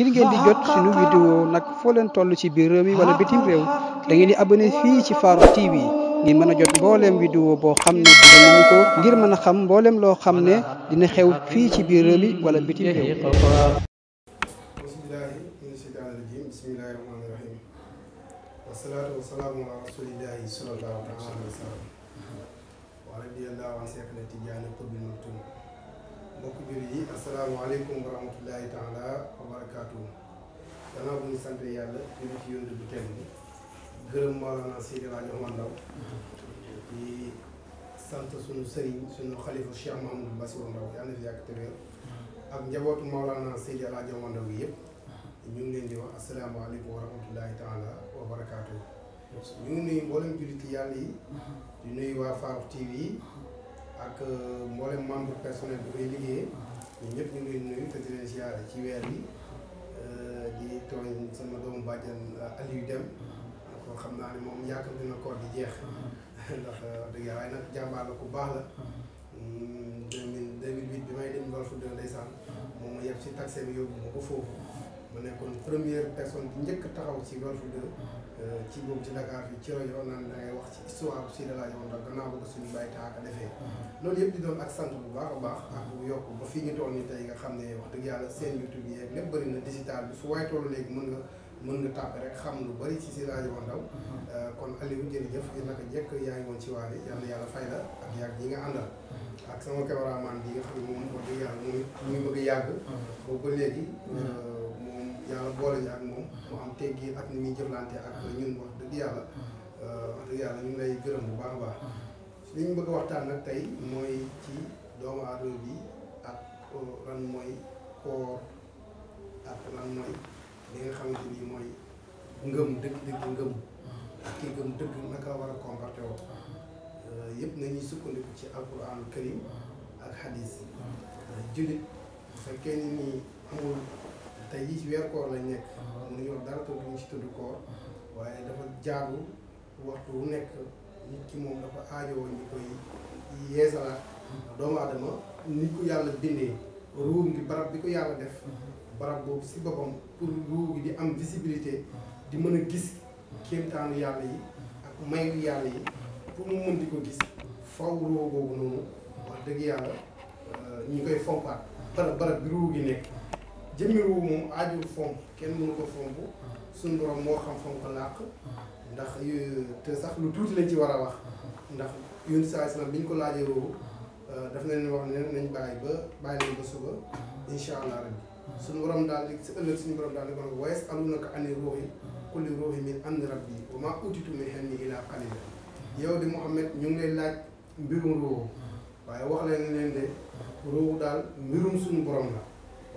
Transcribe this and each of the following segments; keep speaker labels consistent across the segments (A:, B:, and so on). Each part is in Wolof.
A: ngir ngeen di jot suñu vidéo nag foo leen toll ci biir réew mi wala bitim réew da ngeen di abonné fii ci Farokh TV ngir mën a jot mbooleem vidéo boo xam ne mën a xam mbooleem loo xam ne dina xew fii ci biir réew wala bitim réew مكبري السلام عليكم ورحمة الله تعالى وبركاته أنا بني سنتي أنا بني فيون أنا بتمني غرم أنا سيدي راجع أنا دي سنتو أنا سرين سنو أنا الشيخ محمود أنا مانداو يعني أنا أكتبير أب أنا مالانا سيدي أنا مانداو ييب أنا di wax assalamu alaykum wa rahmatullahi ta'ala wa barakatuh ñu ak euh, mboolem membre personnel bu koy liggéeyee ñun ñëpp ñu ngi nuyu te di ci weer yi euh, di tooñ sama doomu bàjjan euh, Aliou Deme kon xam naa ne moom yaakaar dina koor di jeex ndax dëgg yàlla waaye nag jàmbaar la ku baax la. 2000 2008 mm, bi may dem Golf de ndeysaan moom ma yeb si taxi bi yóbbu ma ko foofu ma nekkoon première personne bi njëkk taxaw ci Golf de. ci boobu ci Dakar fii ci rajo naan da ngay wax ci histoire bi si de la rajo ndax gannaaw ko suñu mbay taaka defee. Uh-huh. loolu yëpp di doon ak bu baax a baax. Uh-huh. ak bu yokk ba fii ñu toll nii tey nga xam ne wax dëgg yàlla seen YouTube yi yeeg lépp bëri na digital bi fu waay toll léegi mën nga. mën nga tàppe rek xam lu bari ci si rajo Ndaw uh-huh. euh, kon Aliou jërëjëf yéen naka jekk yaa ngi woon ci waale yàlla yàlla fay la ak yàgg yi nga àndal ak sama cameraman bi nga a yàgg yàlla boole ñu ak moom mu am teggin ak ni muy jëflante ak ñun wax dëgg yàlla euh, wax dëgg yàlla ñu ngi gërëm bu baax a baax li ñu bëgg waxtaan nag tey mooy ci doomu aadama bi ak euh, lan mooy koor ak lan mooy li nga xamante ni mooy ngëm dëgg-dëgg ngëm ak ki ngëm dëgg naka war a comporté woo euh, yëpp nañuy sukkandiku ci alquran karim ak hadis jullit fekkee ni nii amul tey jii ci weer koor lañ nekk mënuñu wax dara te duñu da tudd koor waaye dafa jaaru waxtu wu nekk nit ki moom dafa aajowoo ñu koy yeesalaat doomu aadama nit yàlla bindee ruum ko yàlla def barab boobu si boppam pour ruu gi di am visibilité di mën a gis kéemtaanu yàlla yi ak mayu yàlla yi pour mu mën gis faw ruu boobu noonu wax dëgg yàlla euh, ñu koy fompaat barab barab bi gi nekk jëmmi ruuw moom aajul fomp kenn mënu ko fomp suñu borom moo xam fomp ko làq ndax te sax lu tuuti lañ ci war a wax ndax yun saa islam bi ñu ko laajee ruuw euh, daf nañ wax ne nañ bàyyi ba bàyyi nañ ba suba incha allah rabbi suñu borom daal di suñu borom daal di ko ne wayes alunaka ani ruuhi kulli ruuhi min amri rabbi wa maa utitu min ilmin yow di Mouhamed ñu ngi lay laaj mbirum ruuw waaye wax leen leen de ruuw daal mbirum suñu borom la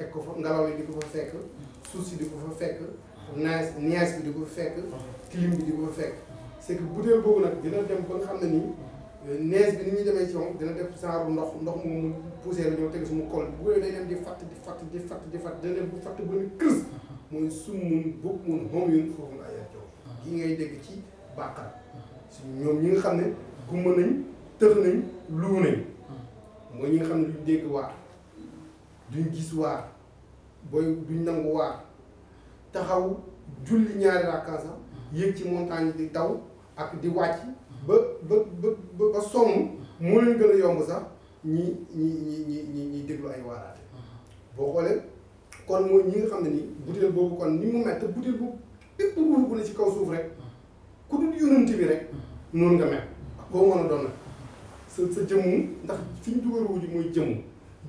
A: teg ko fa ngelaw li di ko fa fekk suuf si di ko fa fekk naes nies bi di ko fa fekk clim bi di ko fa fekk c'est butéel boobu nag dina dem ba nga xam ne nii euh, nees bi ni muy demee ci moom dina def genre ndox ndox moomu poussé la ñëw teg suma kol bu ko day di fatt di fatt di fatt di fatt bu fatt ba ni kës mooy summun bokk mun moom yun foofu nga ayar jow gi ngay dégg ci bàqar su ñoom ñi nga xam ne gumba nañ tëx nañ luu nañ mooy ñi nga xam ne duñ dégg waa duñ gis waar booy duñ nangu waar taxaw julli ñaari rakka sax yéeg ci montagne di daw ak di wàcc ba ba ba ba sonn moo leen gën a yomb sax ñi ñi ñi ñi ñi ñiy déglu ay waaraate boo xoolee kon moo ñi nga xam ne ni butéel boobu kon ni mu mel butéel boobu bépp wulu bu ne ci kaw suuf rek ku dul yonent bi rek noonu nga mel ak koo mën doon nag sa sa jëmm ndax fi ñu dugal wuji mooy jëmm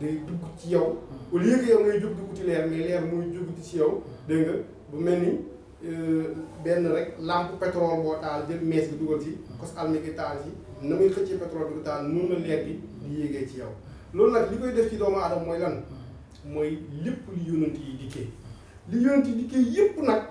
A: day dugg ci yow au lieu que yow ngay jóg leer mais leer muy jóg ci yow dégg nga bu mel ni euh, benn rek lampe pétrole boo taal jël mees bi dugal ci cos almique taal ci na muy xëccee pétrole bi du taal noonu la leer bi yéegee ci yow loolu nag li koy def ci doomu aadama mooy lan mooy lépp li yonent yi dikkee li yonent yépp nag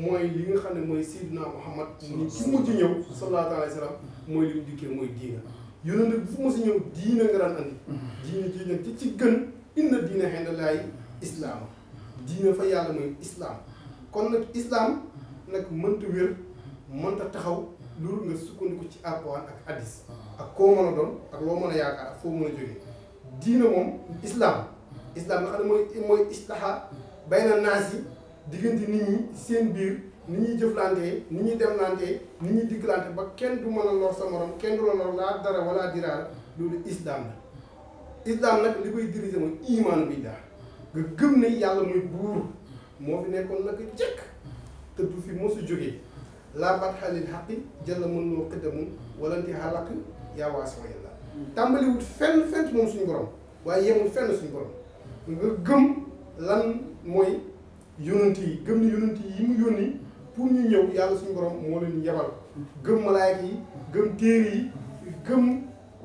A: mooy li nga xam ne mooy Seydina Muhammad ni ci mujj ñëw sallallahu alayhi wa mooy li mu dikkee mooy diina yonent bi fu mu si ñëw diina nga daan andi mm-hmm. diina ji nag ci ci gën inna diina xendalaay islaam diina fa yàlla mooy islaam kon nag islaam nag mënta wér mënta taxaw loolu nga sukkandiku ci alxuraan ak hadiis ak koo mën a doon ak loo mën a yaakaar ak foo mën jógee diina moom islaam islaam nga xam ne mooy mooy istaha bayna naas diggante nit ñi seen biir ni ñuy jëflantee ni ñuy demlantee ni ñuy dikkalante ba kenn du mën a lor sa morom kenn du la lor laa dara wala diraar loolu islam la islam nag li koy diriger mooy imaanu billah nga gëm ne yàlla muy buur moo fi nekkoon nag jëkk te du fi mosu jógee laa bat xalil xaqi jëlla mën noo xëddamun walanti xalaq yaa waa sama yàlla tàmbaliwut fenn fenn moom suñu borom waaye yemul fenn suñu borom nga gëm lan mooy yonent yi gëm ni yonent yi mu yónni pour ñu ñëw yàlla suñu borom moo leen yebal gëm malaayka yi gëm téere yi gëm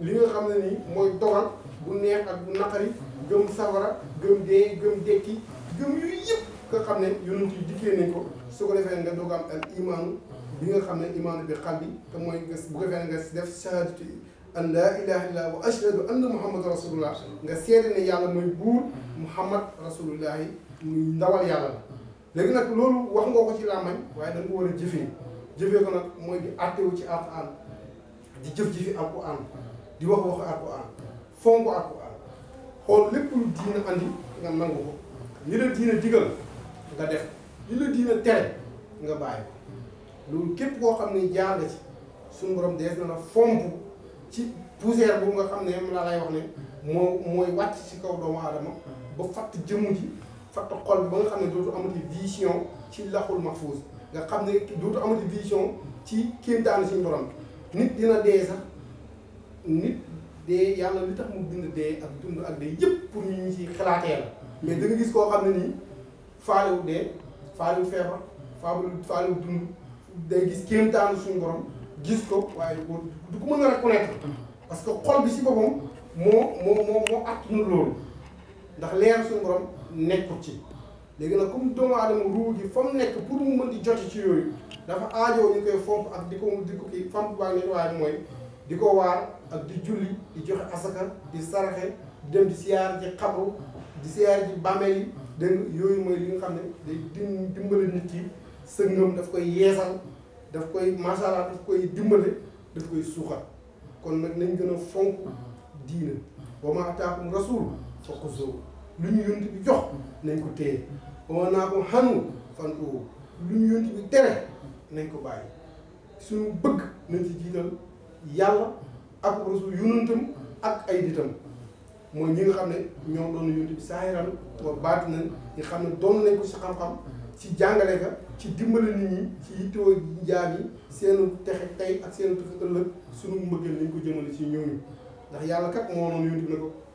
A: li nga xam ne ni mooy dogal bu neex ak bu naqari gëm sawara gëm dee gëm dekki gëm yooyu yëpp nga xam ne yonent yi dikkee nañ ko su ko defee nga doog al imaanu bi nga xam ne imaanu bi xal bi te mooy bu ko defee nga def shahadatu an laa ilaha illa wa ashhadu anna muhammad rasulullah nga seede ne yàlla mooy buur muhammad rasulullahi ndawal yàlla la léegi nag loolu wax nga ko ci làmmañ waaye dañ ko war a jëfee jëfee ko nag mooy di àttewu ci alquran di jëf ji fi alquran di wax wax alquran fonk alquran xool lépp diina andi nga nangu ko li la diina digal nga def li la diina tere nga bàyyi ko loolu képp koo xam ne jaar nga ci suñu borom dees na la fomp ci poussière boobu nga xam ne laa lay wax ne moo mooy wàcc ci kaw doomu aadama ba fatt jëmm ji fatt xol ba nga xam ne dootu vision ci laxul mahfuz nga xamné ne dootu amati vision ci kéemtaanu suñu borom nit dina dee sax nit dee yalla li tax mu bind dee ak dund ak dee yépp pour ñu ci xalaatee la mais da nga gis koo xam ne nii faalewu dee faalewu feebar faalé faalewu dund day gis kéemtaanu suñu borom gis ko waye du ko mën a reconnaître parce que xol bi si boppam mo mo mo at attunu loolu ndax leer suñu borom nekkul ci léegi nag comme doomu aadama ruu gi fa mu nekk pour mu mën di joti ci yooyu dafa aajoo ñu koy fomp ak di ko di ko kii fomp baa ngeen waaye mooy di ko waar ak di julli di joxe asaka di saraxe di dem di siyaar ci xabru di siyaar ci bàmmeel yi dégg yooyu mooy li nga xam ne day dim dimbale nit yi sa ngëm daf koy yeesal daf koy macha allah daf koy dimbale daf koy suuxat kon nag nañ gën a fonk diina wa ma ataakum rasul fa xuzuuhu lu ñu yonent bi jox nañ ko téye woo naa ko xanu fan oo lu ñu yonent bi tere nañ ko bàyyi suñu bëgg nañ ci jiital yàlla ak rasul yonentam ak ay nitam mooy ñi nga xam ne ñoom doon yonent bi saahiran wa baati nañ ñi xam ko si xam-xam ci jàngale ka ci dimbale nit ñi ci yittewoo jaam seenu texe tey ak seenu texe ëllëg suñu mbëggeel nañ ko jëmale ci ñooñu ndax yàlla kat moo noonu yonent bi ne ko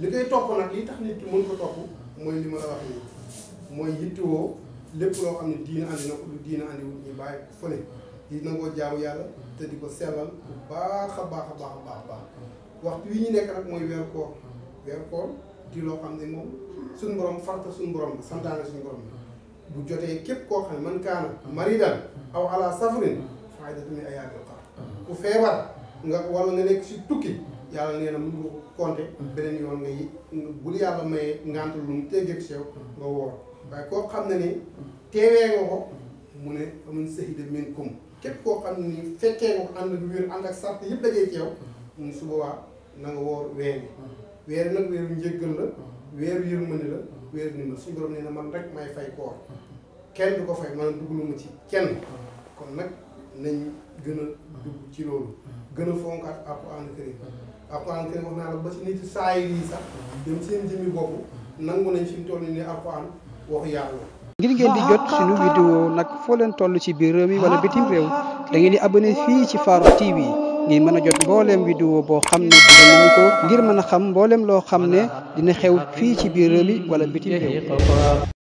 A: li koy topp nag li tax nit ki ko topp mooy li ma la wax nii mooy yittewoo lépp loo xam ne diina andi ko lu diina andi wut ñu bàyyi ko fële di nangoo jaamu yàlla te di ko sellal bu baax a baax a baax baax baax waxtu yi ñu nekk nag mooy weeru koor weeru koor di loo xam ne moom suñu borom farta suñu borom la santaane suñu borom bu jotee képp koo xam ne man kaana maridan aw ala safarin faayda tamit ay yàggal xar ku feebar nga wala nga nekk si tukki yàlla nee na mun nga ko compter mm-hmm. beneen yoon nga bul yàlla mayee ngant lu mu téggeeg sew mm-hmm. nga woor waaye koo xam ne ni teewee nga ko mm-hmm. mu ne amun sahida min kum képp koo xam ne ni fekkee nga ko ànd ak wér ànd ak sart yëpp dajee ci yow mun su boobaa na nga woor weer weer nag weeru njëggal la weeru yërmande la weeru ni ma suñu borom nee na man rek may fay koor kenn du ko fay maanaam duglu ma ci kenn kon nag nañ gën a dugg ci loolu gën a fonkaat alxuraan ngir ngeen di jot suñu vidéo nag foo leen toll ci biir réew mi wala bitim réew da ngeen di abonné fii ci Farokh TV ngir mën a jot mbooleem vidéo boo xam ne dinañ ko ngir mën a xam mbooleem loo xam ne dina xew fii ci biir réew mi wala bitim réew